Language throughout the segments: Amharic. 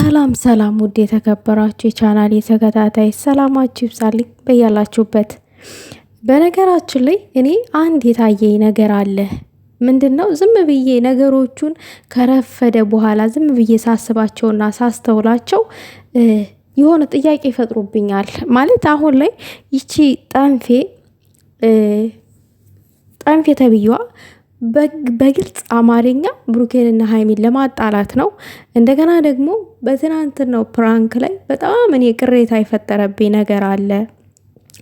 ሰላም ሰላም ውድ የተከበራችሁ የቻናል የተከታታይ ሰላማችሁ ይብዛልኝ በያላችሁበት። በነገራችን ላይ እኔ አንድ የታየኝ ነገር አለ። ምንድን ነው? ዝም ብዬ ነገሮቹን ከረፈደ በኋላ ዝም ብዬ ሳስባቸውና ሳስተውላቸው የሆነ ጥያቄ ይፈጥሩብኛል። ማለት አሁን ላይ ይቺ ጠንፌ ጠንፌ ተብዬዋ በግልጽ አማርኛ ብሩኬንና ሀይሚን ለማጣላት ነው። እንደገና ደግሞ በትናንትናው ፕራንክ ላይ በጣም እኔ ቅሬታ የፈጠረብኝ ነገር አለ።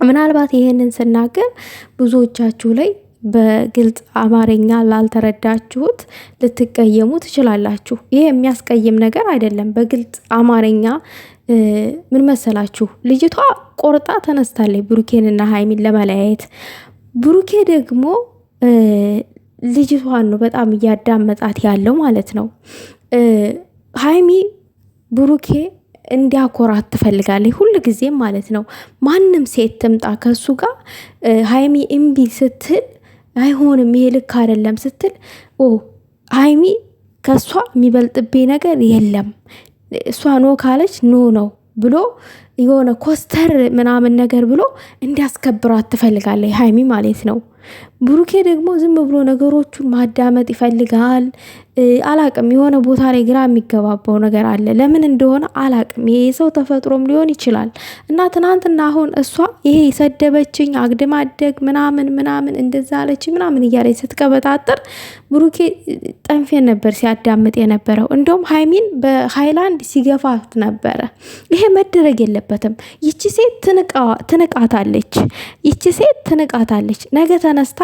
ምናልባት ይህንን ስናገር ብዙዎቻችሁ ላይ በግልጽ አማርኛ ላልተረዳችሁት ልትቀየሙ ትችላላችሁ። ይህ የሚያስቀይም ነገር አይደለም። በግልጽ አማርኛ ምን መሰላችሁ፣ ልጅቷ ቆርጣ ተነስታለች ብሩኬንና ሀይሚን ለመለያየት ብሩኬ ደግሞ ልጅቷን ነው በጣም እያዳመጣት ያለው ማለት ነው። ሀይሚ ብሩኬ እንዲያኮራት ትፈልጋለች ሁል ጊዜም ማለት ነው። ማንም ሴት ትምጣ ከሱ ጋር ሀይሚ እምቢ ስትል አይሆንም ይሄ ልክ አይደለም ስትል ሀይሚ ከእሷ የሚበልጥብኝ ነገር የለም እሷ ኖ ካለች ኖ ነው ብሎ የሆነ ኮስተር ምናምን ነገር ብሎ እንዲያስከብራት ትፈልጋለች ሀይሚ ማለት ነው። ብሩኬ ደግሞ ዝም ብሎ ነገሮቹን ማዳመጥ ይፈልጋል። አላቅም የሆነ ቦታ ላይ ግራ የሚገባባው ነገር አለ። ለምን እንደሆነ አላቅም። ይሄ ሰው ተፈጥሮም ሊሆን ይችላል። እና ትናንትና አሁን እሷ ይሄ ሰደበችኝ አግድማደግ ምናምን ምናምን እንደዛ አለች ምናምን እያለች ስትቀበጣጠር ብሩኬ ጠንፌን ነበር ሲያዳምጥ የነበረው። እንደውም ሀይሚን በሀይላንድ ሲገፋት ነበረ። ይሄ መደረግ የለበትም። የለበትም። ይቺ ሴት ትንቃታለች፣ ይቺ ሴት ትንቃታለች። ነገ ተነስታ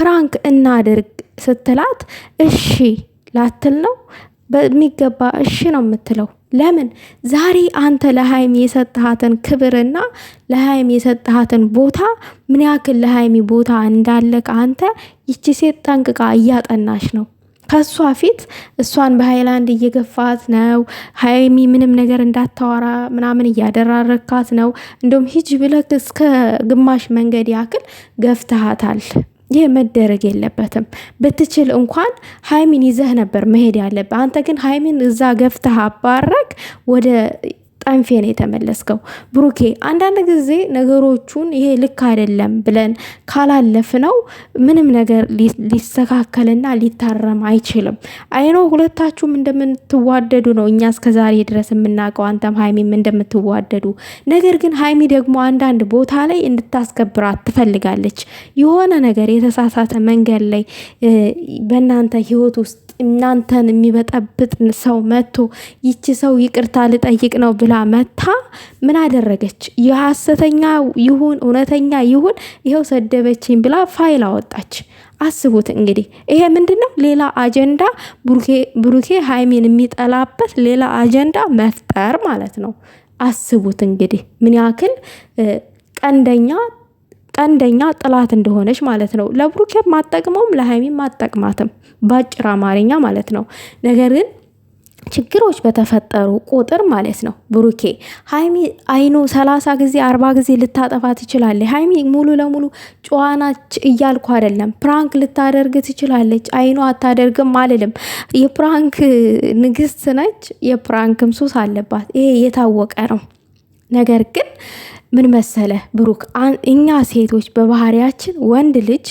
ፕራንክ እናድርግ ስትላት እሺ ላትል ነው በሚገባ እሺ ነው የምትለው። ለምን ዛሬ አንተ ለሀይሚ የሰጠሃትን ክብርና ለሀይሚ የሰጠሃትን ቦታ ምን ያክል ለሀይሚ ቦታ እንዳለ አንተ ይቺ ሴት ጠንቅቃ እያጠናች ነው። ከእሷ ፊት እሷን በሀይላንድ እየገፋት ነው። ሀይሚ ምንም ነገር እንዳታወራ ምናምን እያደራረካት ነው። እንደውም ሂጅ ብለህ እስከ ግማሽ መንገድ ያክል ገፍተሃታል። ይህ መደረግ የለበትም። ብትችል እንኳን ሀይሚን ይዘህ ነበር መሄድ ያለብህ። አንተ ግን ሀይሚን እዛ ገፍተህ አባረግ ወደ ጠንፌን የተመለስከው ብሩኬ። አንዳንድ ጊዜ ነገሮቹን ይሄ ልክ አይደለም ብለን ካላለፍ ነው ምንም ነገር ሊስተካከልና ሊታረም አይችልም። አይኖ ሁለታችሁም እንደምትዋደዱ ነው እኛ እስከዛሬ ድረስ የምናውቀው፣ አንተም ሀይሚም እንደምትዋደዱ። ነገር ግን ሀይሚ ደግሞ አንዳንድ ቦታ ላይ እንድታስከብራት ትፈልጋለች። የሆነ ነገር የተሳሳተ መንገድ ላይ በእናንተ ህይወት ውስጥ እናንተን የሚበጠብጥ ሰው መጥቶ ይቺ ሰው ይቅርታ ልጠይቅ ነው ብላ መታ ምን አደረገች? የሐሰተኛ ይሁን እውነተኛ ይሁን ይኸው ሰደበችኝ ብላ ፋይል አወጣች። አስቡት እንግዲህ ይሄ ምንድን ነው? ሌላ አጀንዳ ብሩኬ ሀይሚን የሚጠላበት ሌላ አጀንዳ መፍጠር ማለት ነው። አስቡት እንግዲህ ምን ያክል ቀንደኛ ቀንደኛ ጥላት እንደሆነች ማለት ነው። ለብሩኬ ማጠቅመውም ለሀይሚ ማጠቅማትም በአጭር አማርኛ ማለት ነው። ነገር ግን ችግሮች በተፈጠሩ ቁጥር ማለት ነው ብሩኬ ሀይሚ አይኑ ሰላሳ ጊዜ አርባ ጊዜ ልታጠፋ ትችላለች። ሀይሚ ሙሉ ለሙሉ ጨዋናች እያልኩ አይደለም። ፕራንክ ልታደርግ ትችላለች። አይኑ አታደርግም አልልም። የፕራንክ ንግስት ነች። የፕራንክም ሱስ አለባት። ይሄ የታወቀ ነው። ነገር ግን ምን መሰለ ብሩክ፣ እኛ ሴቶች በባህሪያችን ወንድ ልጅ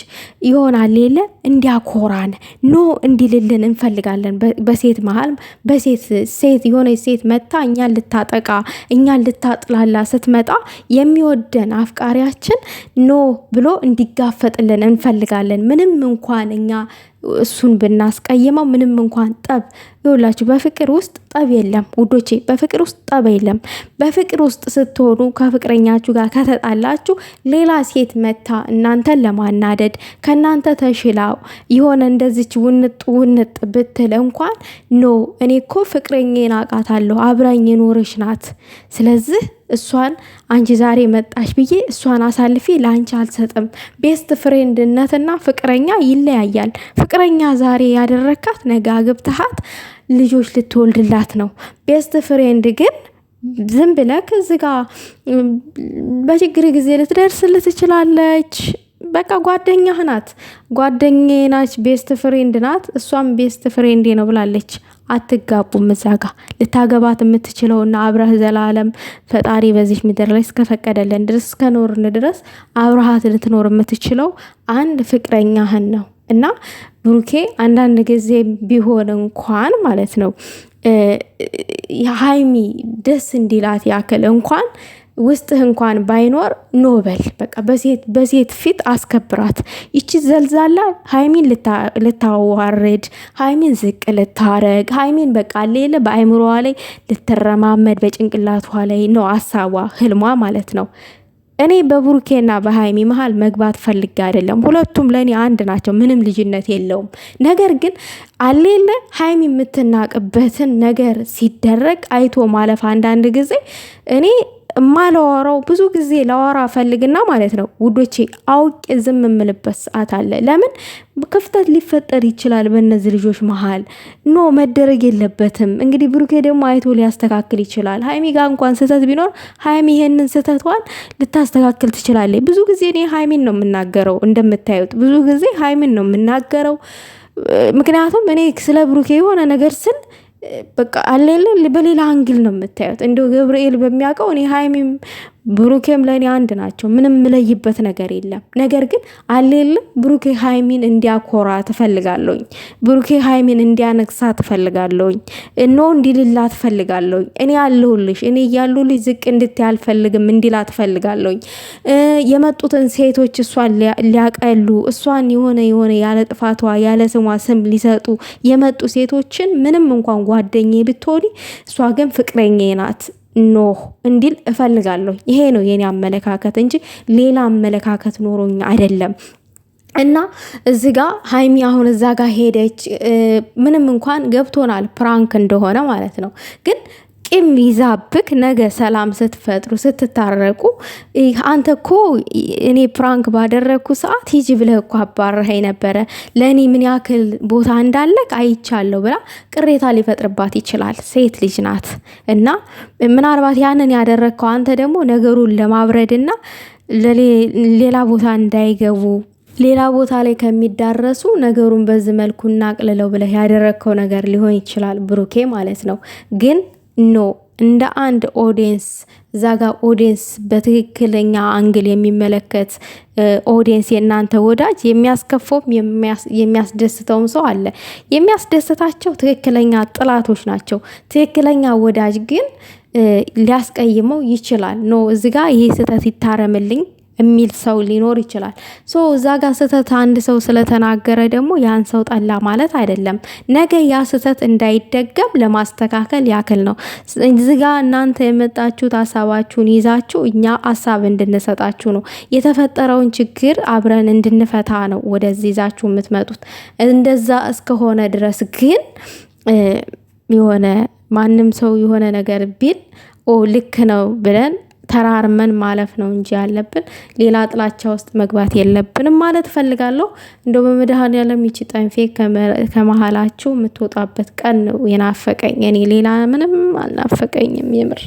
ይሆናል የለ እንዲያኮራን ኖ እንዲልልን እንፈልጋለን። በሴት መሀል በሴት ሴት የሆነች ሴት መታ እኛን ልታጠቃ እኛን ልታጥላላ ስትመጣ የሚወደን አፍቃሪያችን ኖ ብሎ እንዲጋፈጥልን እንፈልጋለን ምንም እንኳን እኛ እሱን ብናስቀይመው ምንም እንኳን ጠብ ይውላችሁ፣ በፍቅር ውስጥ ጠብ የለም ውዶቼ፣ በፍቅር ውስጥ ጠብ የለም። በፍቅር ውስጥ ስትሆኑ ከፍቅረኛችሁ ጋር ከተጣላችሁ ሌላ ሴት መታ እናንተን ለማናደድ ከእናንተ ተሽላው የሆነ እንደዚች ውንጥ ውንጥ ብትል እንኳን ኖ እኔ እኮ ፍቅረኛ ናቃታለሁ አብራኝ የኖረች ናት ስለዚህ እሷን አንቺ ዛሬ መጣሽ ብዬ እሷን አሳልፌ ለአንቺ አልሰጥም። ቤስት ፍሬንድነትና ፍቅረኛ ይለያያል። ፍቅረኛ ዛሬ ያደረካት ነገ አግብተሃት ልጆች ልትወልድላት ነው። ቤስት ፍሬንድ ግን ዝም ብለክ እዚ ጋ በችግር ጊዜ ልትደርስልህ ትችላለች። በቃ ጓደኛህ ናት፣ ጓደኛ ናች፣ ቤስት ፍሬንድ ናት። እሷም ቤስት ፍሬንዴ ነው ብላለች። አትጋቡም። እዛ ጋ ልታገባት እና አብረህ ዘላለም ፈጣሪ በዚህ ምድር ላይ እስከፈቀደልን ድረስ እስከኖርን ድረስ አብረሃት ልትኖር የምትችለው አንድ ፍቅረኛህን ነው እና ብሩኬ አንዳንድ ጊዜ ቢሆን እንኳን ማለት ነው የሀይሚ ደስ እንዲላት ያክል እንኳን ውስጥህ እንኳን ባይኖር ኖበል በቃ በሴት ፊት አስከብራት። ይቺ ዘልዛላ ሀይሚን ልታዋርድ፣ ሀይሚን ዝቅ ልታረግ፣ ሀይሚን በቃ ሌለ በአይምሮዋ ላይ ልትረማመድ፣ በጭንቅላቷ ላይ ነው አሳቧ፣ ህልሟ ማለት ነው። እኔ በብሩኬና በሀይሚ መሀል መግባት ፈልጌ አይደለም። ሁለቱም ለእኔ አንድ ናቸው፣ ምንም ልዩነት የለውም። ነገር ግን አሌለ ሀይሚ የምትናቅበትን ነገር ሲደረግ አይቶ ማለፍ አንዳንድ ጊዜ እኔ እማላወራው ብዙ ጊዜ ለወራ ፈልግና ማለት ነው ውዶቼ፣ አውቄ ዝም የምልበት ሰዓት አለ። ለምን ክፍተት ሊፈጠር ይችላል በእነዚህ ልጆች መሀል ኖ መደረግ የለበትም። እንግዲህ ብሩኬ ደግሞ አይቶ ሊያስተካክል ይችላል። ሀይሚ ጋ እንኳን ስህተት ቢኖር ሀይሚ ይሄንን ስህተቷን ልታስተካክል ትችላለች። ብዙ ጊዜ እኔ ሀይሚን ነው የምናገረው፣ እንደምታዩት ብዙ ጊዜ ሀይሚን ነው የምናገረው። ምክንያቱም እኔ ስለ ብሩኬ የሆነ ነገር ስል በቃ አለለ በሌላ አንግል ነው የምታዩት። እንደው ገብርኤል በሚያውቀው እኔ ሀይሚም ብሩኬም ለእኔ አንድ ናቸው። ምንም የምለይበት ነገር የለም። ነገር ግን አለ ብሩኬ ሀይሚን እንዲያኮራ ትፈልጋለሁኝ። ብሩኬ ሀይሚን እንዲያነግሳ ትፈልጋለሁኝ። እኖ እንዲልላ ትፈልጋለሁኝ። እኔ ያለሁልሽ እኔ እያሉልሽ ዝቅ እንድት አልፈልግም እንዲላ ትፈልጋለሁኝ። የመጡትን ሴቶች እሷን ሊያቀሉ እሷን የሆነ የሆነ ያለ ጥፋቷ ያለ ስሟ ስም ሊሰጡ የመጡ ሴቶችን ምንም እንኳን ጓደኛ ብትሆኒ እሷ ግን ፍቅረኛ ናት ኖ እንዲል እፈልጋለሁ። ይሄ ነው የኔ አመለካከት እንጂ ሌላ አመለካከት ኖሮኝ አይደለም። እና እዚ ጋ ሀይሚ አሁን እዛ ጋ ሄደች። ምንም እንኳን ገብቶናል ፕራንክ እንደሆነ ማለት ነው ግን ቂም ይዛብክ ነገ ሰላም ስትፈጥሩ ስትታረቁ፣ አንተ እኮ እኔ ፕራንክ ባደረግኩ ሰዓት ሂጂ ብለህ እኮ አባረኸኝ ነበረ ለእኔ ምን ያክል ቦታ እንዳለቅ አይቻለሁ ብላ ቅሬታ ሊፈጥርባት ይችላል። ሴት ልጅ ናት እና ምናልባት ያንን ያደረግከው አንተ ደግሞ ነገሩን ለማብረድና ሌላ ቦታ እንዳይገቡ ሌላ ቦታ ላይ ከሚዳረሱ ነገሩን በዚህ መልኩ እናቅልለው ብለህ ያደረግከው ነገር ሊሆን ይችላል ብሩኬ ማለት ነው ግን ኖ እንደ አንድ ኦዲየንስ እዛ ጋር ኦዲየንስ በትክክለኛ አንግል የሚመለከት ኦዲየንስ የእናንተ ወዳጅ የሚያስከፋውም የሚያስደስተውም ሰው አለ። የሚያስደስታቸው ትክክለኛ ጥላቶች ናቸው። ትክክለኛ ወዳጅ ግን ሊያስቀይመው ይችላል። ኖ እዚ ይህ ይሄ ስህተት ይታረምልኝ የሚል ሰው ሊኖር ይችላል። ሶ እዛ ጋር ስህተት አንድ ሰው ስለተናገረ ደግሞ ያን ሰው ጠላ ማለት አይደለም። ነገ ያ ስህተት እንዳይደገም ለማስተካከል ያክል ነው። እዚህ እናንተ የመጣችሁት ሀሳባችሁን ይዛችሁ እኛ ሀሳብ እንድንሰጣችሁ ነው። የተፈጠረውን ችግር አብረን እንድንፈታ ነው ወደዚህ ይዛችሁ የምትመጡት። እንደዛ እስከሆነ ድረስ ግን የሆነ ማንም ሰው የሆነ ነገር ቢል ኦ ልክ ነው ብለን ተራርመን ማለፍ ነው እንጂ ያለብን ሌላ ጥላቻ ውስጥ መግባት የለብንም ማለት እፈልጋለሁ። እንደው በመድኃኔዓለም ይቺ ጠንፌ ከመሀላችሁ የምትወጣበት ቀን ነው የናፈቀኝ። እኔ ሌላ ምንም አልናፈቀኝም የምር